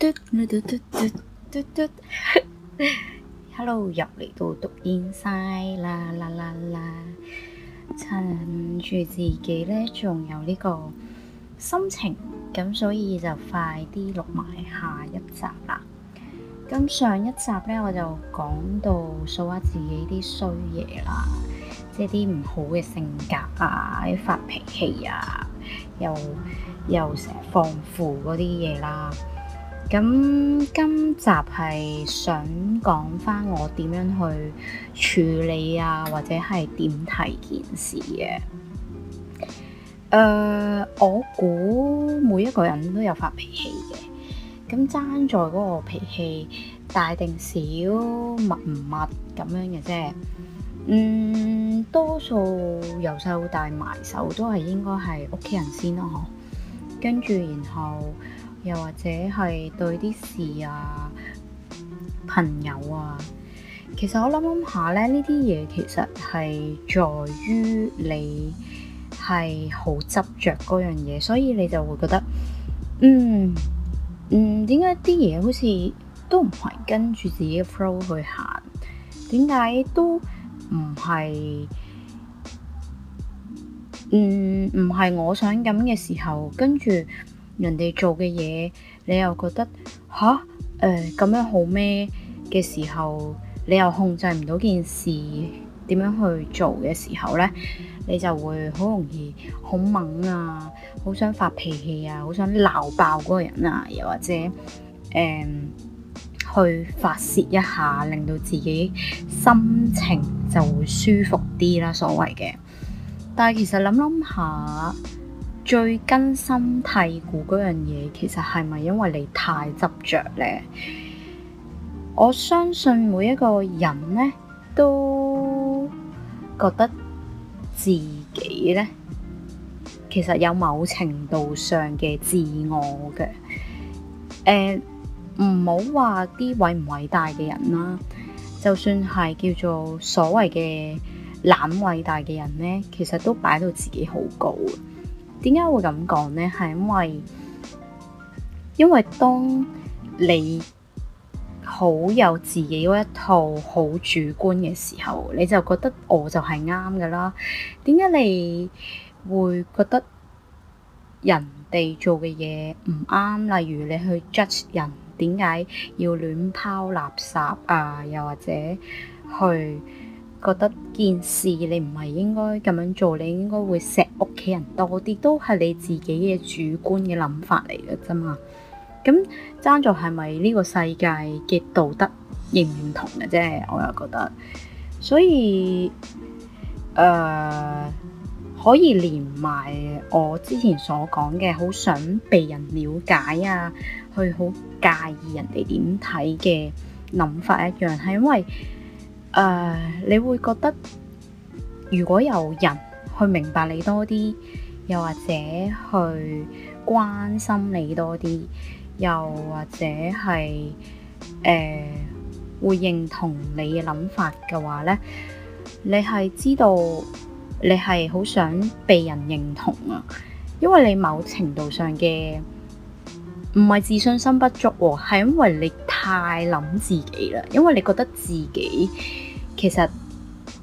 嘟啦嘟嘟嘟嘟嘟，Hello，入嚟到讀 Inside 啦，啦啦啦啦，趁住自己咧仲有呢個心情，咁所以就快啲錄埋下一集啦。咁上一集咧，我就講到數下自己啲衰嘢啦，即係啲唔好嘅性格啊，啲發脾氣啊，又又成日放負嗰啲嘢啦。咁今集係想講返我點樣去處理啊，或者係點睇件事嘅。誒、呃，我估每一個人都有發脾氣嘅，咁爭在嗰個脾氣大定小，密唔密咁樣嘅啫。嗯，多數由細到大埋手都係應該係屋企人先咯，跟住，然後。又或者係對啲事啊、朋友啊，其實我諗諗下咧，呢啲嘢其實係在於你係好執着嗰樣嘢，所以你就會覺得，嗯嗯，點解啲嘢好似都唔係跟住自己嘅 flow 去行？點解都唔係，嗯唔係我想咁嘅時候，跟住。人哋做嘅嘢，你又覺得吓，誒咁、呃、樣好咩嘅時候，你又控制唔到件事點樣去做嘅時候呢，你就會好容易好猛啊，好想發脾氣啊，好想鬧爆嗰個人啊，又或者誒、嗯、去發泄一下，令到自己心情就會舒服啲啦，所謂嘅。但係其實諗諗下。最根深蒂固嗰樣嘢，其實係咪因為你太執着呢？我相信每一個人呢，都覺得自己呢，其實有某程度上嘅自我嘅。誒，唔好話啲偉唔偉大嘅人啦，就算係叫做所謂嘅懶偉大嘅人呢，其實都擺到自己好高。點解會咁講呢？係因為因為當你好有自己嗰一套好主觀嘅時候，你就覺得我就係啱㗎啦。點解你會覺得人哋做嘅嘢唔啱？例如你去 judge 人，點解要亂拋垃圾啊？又或者去……覺得件事你唔係應該咁樣做，你應該會錫屋企人多啲，都係你自己嘅主觀嘅諗法嚟嘅啫嘛。咁爭在係咪呢個世界嘅道德認唔認同嘅啫，就是？我又覺得，所以誒、呃、可以連埋我之前所講嘅，好想被人了解啊，去好介意人哋點睇嘅諗法一樣，係因為。誒，uh, 你會覺得如果有人去明白你多啲，又或者去關心你多啲，又或者係誒、uh, 會認同你諗法嘅話呢，你係知道你係好想被人認同啊，因為你某程度上嘅。唔係自信心不足喎，係因為你太諗自己啦。因為你覺得自己其實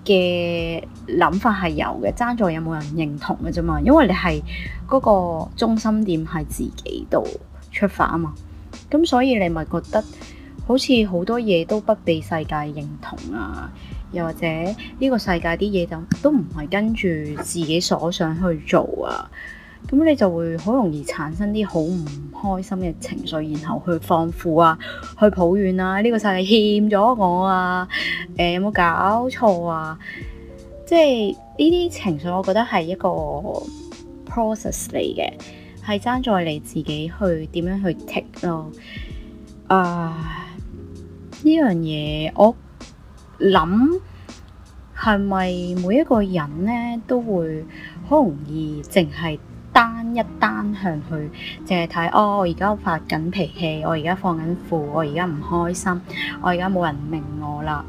嘅諗法係有嘅，爭在有冇人認同嘅啫嘛。因為你係嗰個中心點係自己度出發啊嘛，咁所以你咪覺得好似好多嘢都不被世界認同啊，又或者呢個世界啲嘢就都唔係跟住自己所想去做啊。咁你就會好容易產生啲好唔開心嘅情緒，然後去放負啊，去抱怨啊，呢、這個世界欠咗我啊，誒、哎、有冇搞錯啊？即係呢啲情緒，我覺得係一個 process 嚟嘅，係爭在你自己去點樣去 take 咯。啊，呢樣嘢我諗係咪每一個人呢都會好容易淨係？單一單向去，淨係睇哦！我而家發緊脾氣，我而家放緊負，我而家唔開心，我而家冇人明我啦。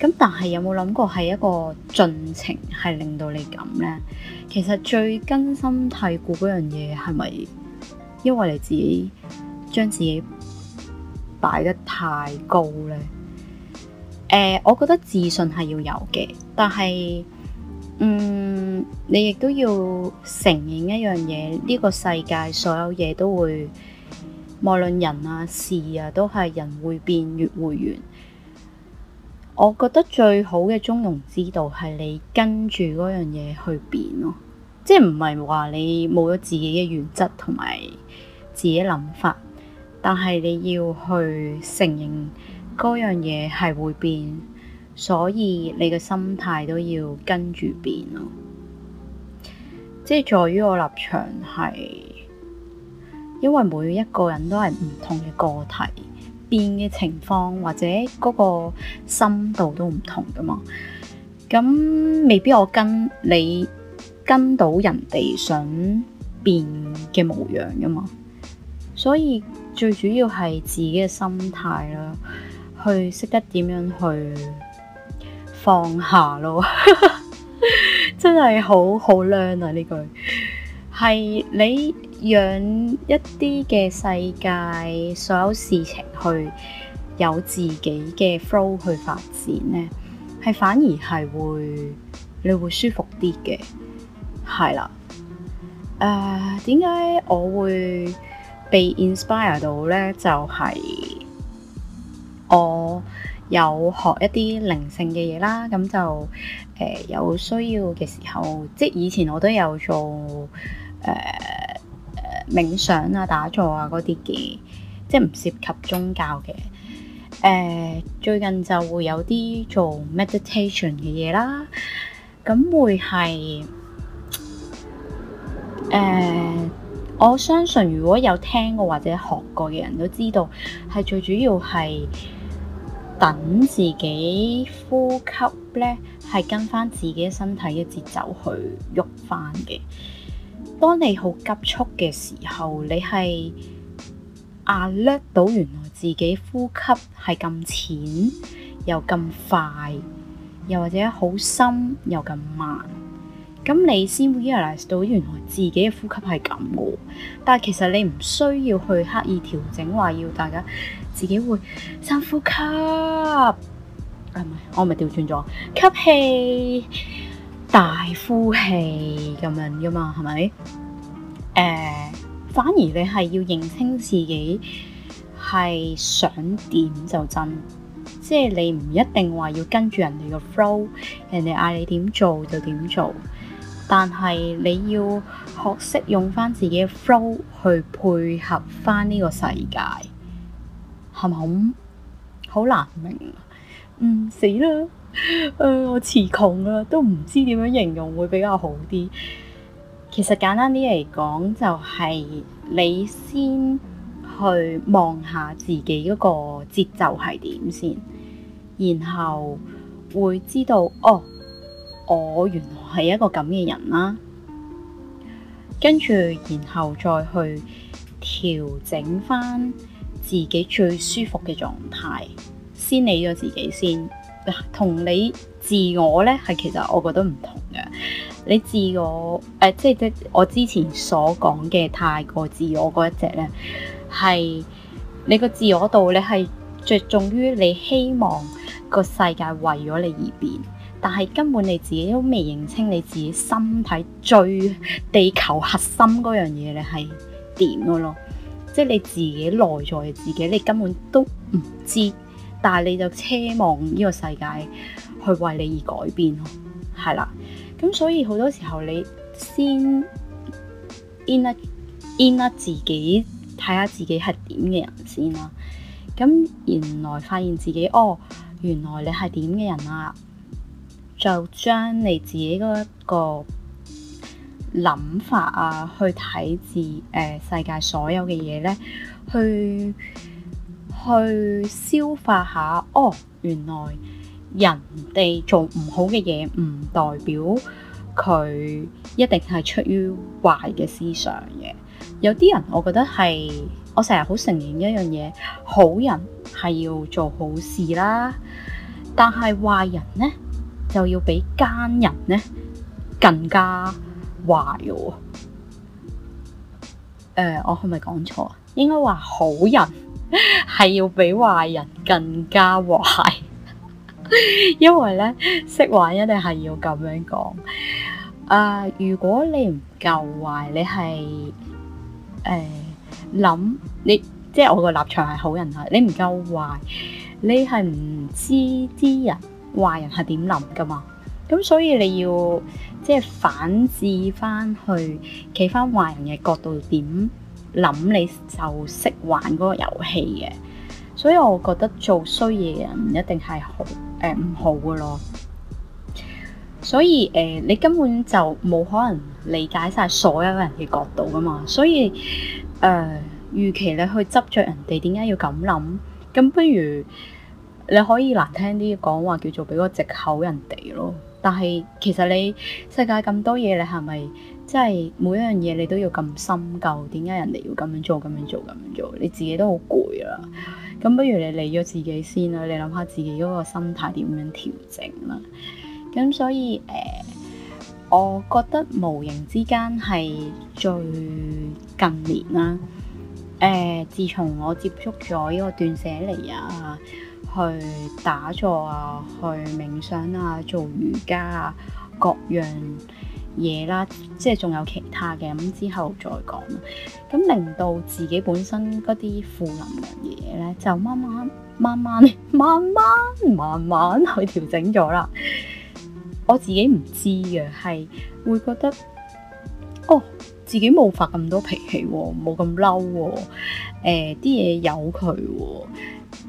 咁但係有冇諗過係一個進程係令到你咁呢？其實最根深蒂固嗰樣嘢係咪因為你自己將自己擺得太高呢？誒、呃，我覺得自信係要有嘅，但係。嗯，你亦都要承認一樣嘢，呢個世界所有嘢都會，無論人啊事啊，都係人會變，月會圓。我覺得最好嘅中庸之道係你跟住嗰樣嘢去變咯，即係唔係話你冇咗自己嘅原則同埋自己諗法，但係你要去承認嗰樣嘢係會變。所以你嘅心態都要跟住變咯，即係在於我立場係，因為每一個人都係唔同嘅個體，變嘅情況或者嗰個深度都唔同㗎嘛。咁未必我跟你跟到人哋想變嘅模樣㗎嘛，所以最主要係自己嘅心態啦，去識得點樣去放下咯， 真係好好靚啊！呢句係你讓一啲嘅世界，所有事情去有自己嘅 flow 去發展呢係反而係會你會舒服啲嘅，係啦。誒，點解我會被 inspire 到呢？就係、是、我。有學一啲靈性嘅嘢啦，咁就誒、呃、有需要嘅時候，即係以前我都有做誒、呃呃、冥想啊、打坐啊嗰啲嘅，即係唔涉及宗教嘅。誒、呃、最近就會有啲做 meditation 嘅嘢啦，咁會係誒、呃，我相信如果有聽過或者學過嘅人都知道，係最主要係。等自己呼吸咧，係跟翻自己身體嘅節奏去喐翻嘅。當你好急促嘅時候，你係 alert 到原來自己呼吸係咁淺，又咁快，又或者好深又咁慢。咁你先會 realise 到原來自己嘅呼吸係咁嘅。但係其實你唔需要去刻意調整，話要大家。自己會深呼吸，啊，唔係，我咪調轉咗吸氣、大呼氣咁樣噶嘛，係咪？誒、呃，反而你係要認清自己係想點就真，即係你唔一定話要跟住人哋嘅 flow，人哋嗌你點做就點做，但係你要學識用翻自己嘅 flow 去配合翻呢個世界。係咪好好難明啊？嗯，死啦！誒，我詞窮啦，都唔知點樣形容會比較好啲。其實簡單啲嚟講，就係你先去望下自己嗰個節奏係點先，然後會知道哦，我原來係一個咁嘅人啦。跟住，然後再去調整返。自己最舒服嘅狀態，先理咗自己先。同你自我呢，係其實我覺得唔同嘅。你自我，誒、呃，即係即我之前所講嘅太過自我嗰一隻呢，係你個自我度呢，係着重於你希望個世界為咗你而變，但係根本你自己都未認清你自己身體最地球核心嗰樣嘢你係點嘅咯。即係你自己內在嘅自己，你根本都唔知，但係你就奢望呢個世界去為你而改變咯，係啦。咁所以好多時候你先 inner inner 自己，睇下自己係點嘅人先啦、啊。咁原來發現自己哦，原來你係點嘅人啊，就將你自己嗰一個。諗法啊，去睇治誒世界所有嘅嘢呢，去去消化下。哦，原來人哋做唔好嘅嘢，唔代表佢一定係出於壞嘅思想嘅。有啲人我覺得係我成日好承認一樣嘢，好人係要做好事啦，但係壞人呢，就要比奸人呢更加壞嘅喎，誒，我係咪講錯？應該話好人係 要比壞人更加壞， 因為呢識玩一定係要咁樣講。啊、呃，如果你唔夠壞，你係誒諗你，即係我個立場係好人啦。你唔夠壞，你係唔知啲人壞人係點諗㗎嘛？咁所以你要即係反置翻去，企翻壞人嘅角度點諗，你就識玩嗰個遊戲嘅。所以我覺得做衰嘢嘅人唔一定係好誒唔、呃、好嘅咯。所以誒、呃，你根本就冇可能理解晒所有人嘅角度噶嘛。所以誒，預、呃、期你去執着人哋點解要咁諗，咁不如你可以難聽啲講話叫做俾個藉口人哋咯。但係，其實你世界咁多嘢，你係咪即係每一樣嘢你都要咁深究？點解人哋要咁樣做、咁樣做、咁樣做？你自己都好攰啦。咁不如你理咗自己先啦，你諗下自己嗰個心態點樣調整啦。咁所以誒、呃，我覺得無形之間係最近年啦。誒、呃，自從我接觸咗呢個斷捨離啊～去打坐啊，去冥想啊，做瑜伽啊，各樣嘢啦，即係仲有其他嘅，咁之後再講啦。咁令到自己本身嗰啲負能量嘢咧，就慢慢、慢慢、慢慢、慢慢去調整咗啦。我自己唔知嘅，係會覺得，哦，自己冇發咁多脾氣，冇咁嬲，誒、呃，啲嘢有佢。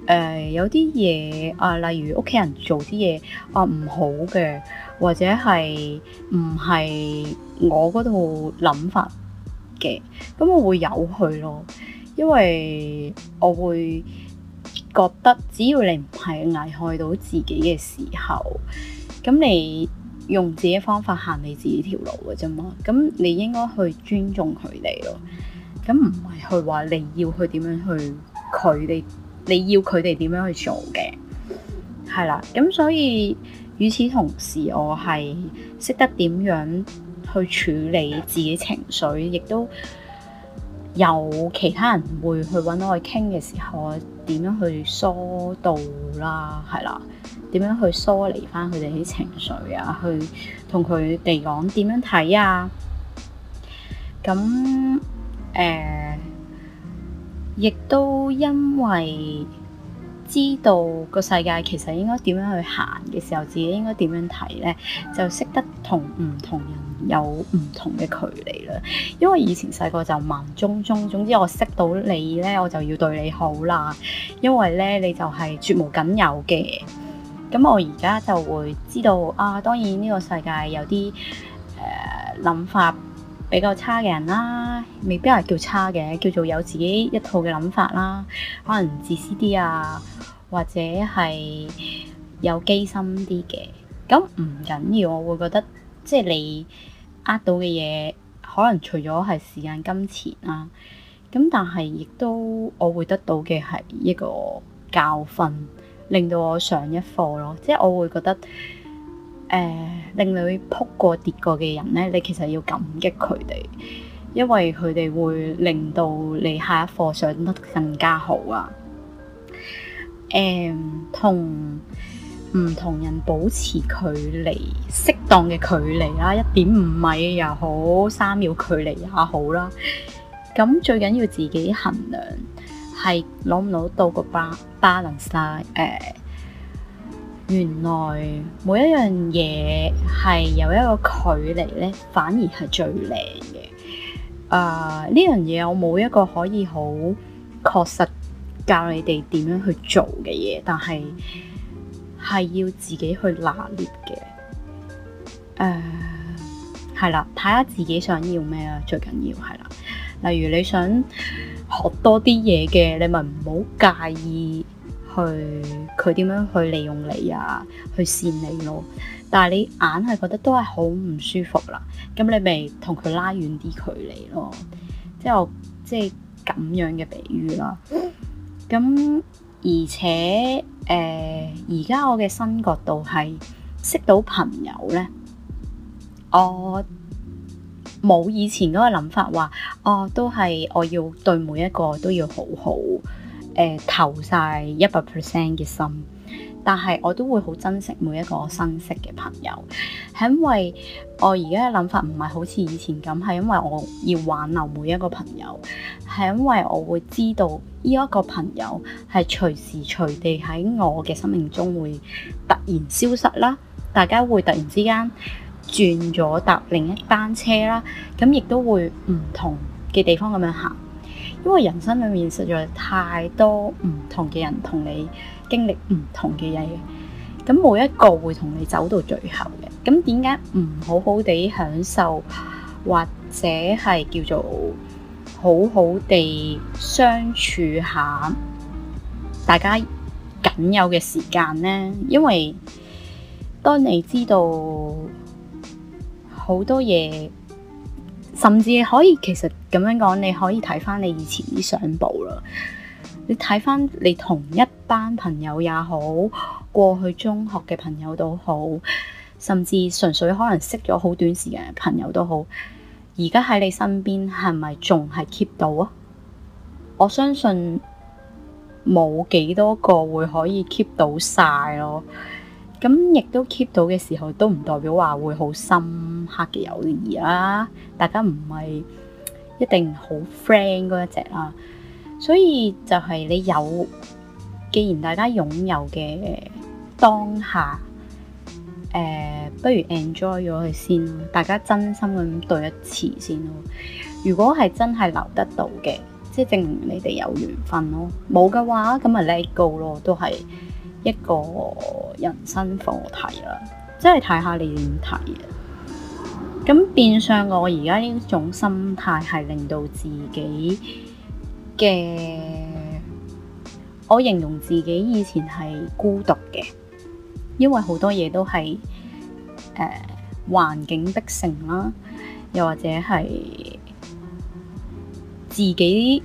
誒、呃、有啲嘢啊，例如屋企人做啲嘢啊唔好嘅，或者係唔係我嗰度諗法嘅，咁我會由佢咯，因為我會覺得只要你唔係危害到自己嘅時候，咁你用自己方法行你自己條路嘅啫嘛，咁你應該去尊重佢哋咯，咁唔係去話你要去點樣去佢哋。你要佢哋點樣去做嘅，係啦。咁所以，與此同時，我係識得點樣去處理自己情緒，亦都有其他人會去揾我去傾嘅時候，點樣去疏導啦，係啦，點樣去疏離翻佢哋啲情緒啊，去同佢哋講點樣睇啊。咁誒。嗯亦都因為知道個世界其實應該點樣去行嘅時候，自己應該點樣睇呢？就識得同唔同人有唔同嘅距離啦。因為以前細個就盲中中，總之我識到你呢，我就要對你好啦。因為呢，你就係絕無僅有嘅。咁我而家就會知道啊，當然呢個世界有啲誒諗法比較差嘅人啦，未必係叫差嘅，叫做有自己一套嘅諗法啦，可能自私啲啊，或者係有機心啲嘅。咁唔緊要，我會覺得即係你呃到嘅嘢，可能除咗係時間金錢啦，啊，咁但係亦都我會得到嘅係一個教訓，令到我上一課咯。即係我會覺得。誒令你撲過跌過嘅人呢，你其實要感激佢哋，因為佢哋會令到你下一課上得更加好啊！誒，同唔同人保持距離，適當嘅距離啦，一點五米又好，三秒距離也好啦。咁最緊要自己衡量，係攞唔攞到個 balance、uh, 原來每一樣嘢係有一個距離咧，反而係最靚嘅。誒呢樣嘢我冇一個可以好確實教你哋點樣去做嘅嘢，但係係要自己去拿捏嘅。誒係啦，睇下自己想要咩呀，最緊要係啦。例如你想學多啲嘢嘅，你咪唔好介意。去佢點樣去利用你啊，去善你咯。但係你硬係覺得都係好唔舒服啦，咁你咪同佢拉遠啲距離咯。即係我即係咁樣嘅比喻啦。咁而且誒，而家我嘅新角度係識到朋友呢。我冇以前嗰個諗法話，哦，都係我要對每一個都要好好。誒、呃、投曬一百 percent 嘅心，但係我都會好珍惜每一個新識嘅朋友，係因為我而家嘅諗法唔係好似以前咁，係因為我要挽留每一個朋友，係因為我會知道呢一個朋友係隨時隨地喺我嘅生命中會突然消失啦，大家會突然之間轉咗搭另一班車啦，咁亦都會唔同嘅地方咁樣行。因為人生裏面實在太多唔同嘅人同你經歷唔同嘅嘢，咁冇一個會同你走到最後嘅。咁點解唔好好地享受，或者係叫做好好地相處下大家僅有嘅時間呢？因為當你知道好多嘢。甚至可以，其實咁樣講，你可以睇返你以前啲相簿啦。你睇返你同一班朋友也好，過去中學嘅朋友都好，甚至純粹可能識咗好短時間嘅朋友都好。而家喺你身邊係咪仲係 keep 到啊？我相信冇幾多個會可以 keep 到晒咯。咁亦都 keep 到嘅時候，都唔代表話會好深刻嘅友誼啦。大家唔係一定好 friend 嗰一隻啦，所以就係你有，既然大家擁有嘅當下，誒，不如 enjoy 咗佢先，大家真心咁對一次先咯。如果係真係留得到嘅，即係證明你哋有緣分咯。冇嘅話，咁咪 let go 咯，都係。一個人生課題啦，即係睇下你點睇啊。咁變相我而家呢種心態係令到自己嘅，我形容自己以前係孤獨嘅，因為好多嘢都係誒環境逼成啦，又或者係自己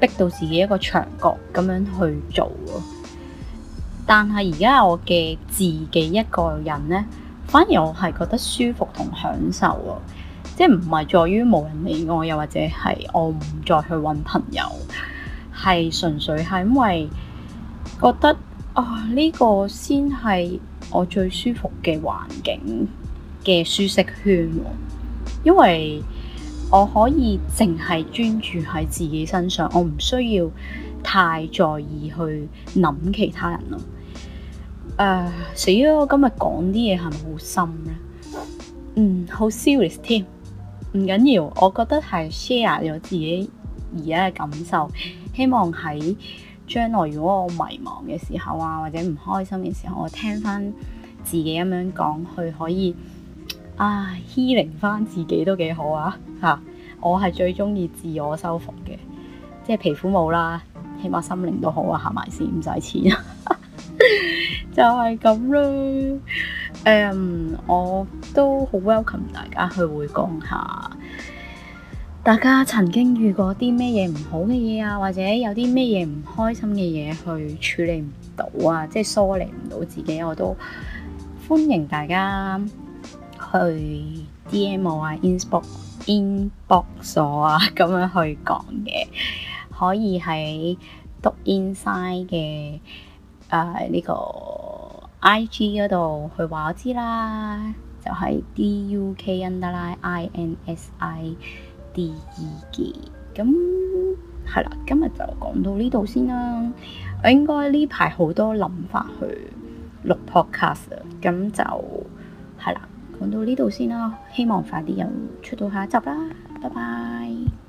逼到自己一個牆角咁樣去做咯。但係而家我嘅自己一個人呢，反而我係覺得舒服同享受啊！即係唔係在於無人理我，又或者係我唔再去搵朋友，係純粹係因為覺得啊呢個先係我最舒服嘅環境嘅舒適圈，因為我可以淨係專注喺自己身上，我唔需要太在意去諗其他人咯。誒、uh, 死咗我今日講啲嘢係咪好深咧？嗯、mm,，好 serious 添。唔緊要，我覺得係 share 咗自己而家嘅感受，希望喺將來如果我迷茫嘅時候啊，或者唔開心嘅時候，我聽翻自己咁樣講，佢可以啊 healing 翻自己都幾好啊！嚇、啊，我係最中意自我修復嘅，即係皮膚冇啦，起碼心靈都好啊，行埋先，唔使錢。 就係咁啦，誒、um,，我都好 welcome 大家去會講下，大家曾經遇過啲咩嘢唔好嘅嘢啊，或者有啲咩嘢唔開心嘅嘢去處理唔到啊，即係梳理唔到自己，我都歡迎大家去 DM 啊，inbox inbox 咗啊，咁、啊、樣去講嘅，可以喺讀 Inside 嘅。誒呢、uh, 這個 IG 嗰度去話我知啦，就係、是、D U K underline I N S I D E 嘅，咁係啦，今日就講到呢度先啦。我應該呢排好多諗法去錄 podcast，咁就係啦，講到呢度先啦，希望快啲有出到下一集啦，拜拜。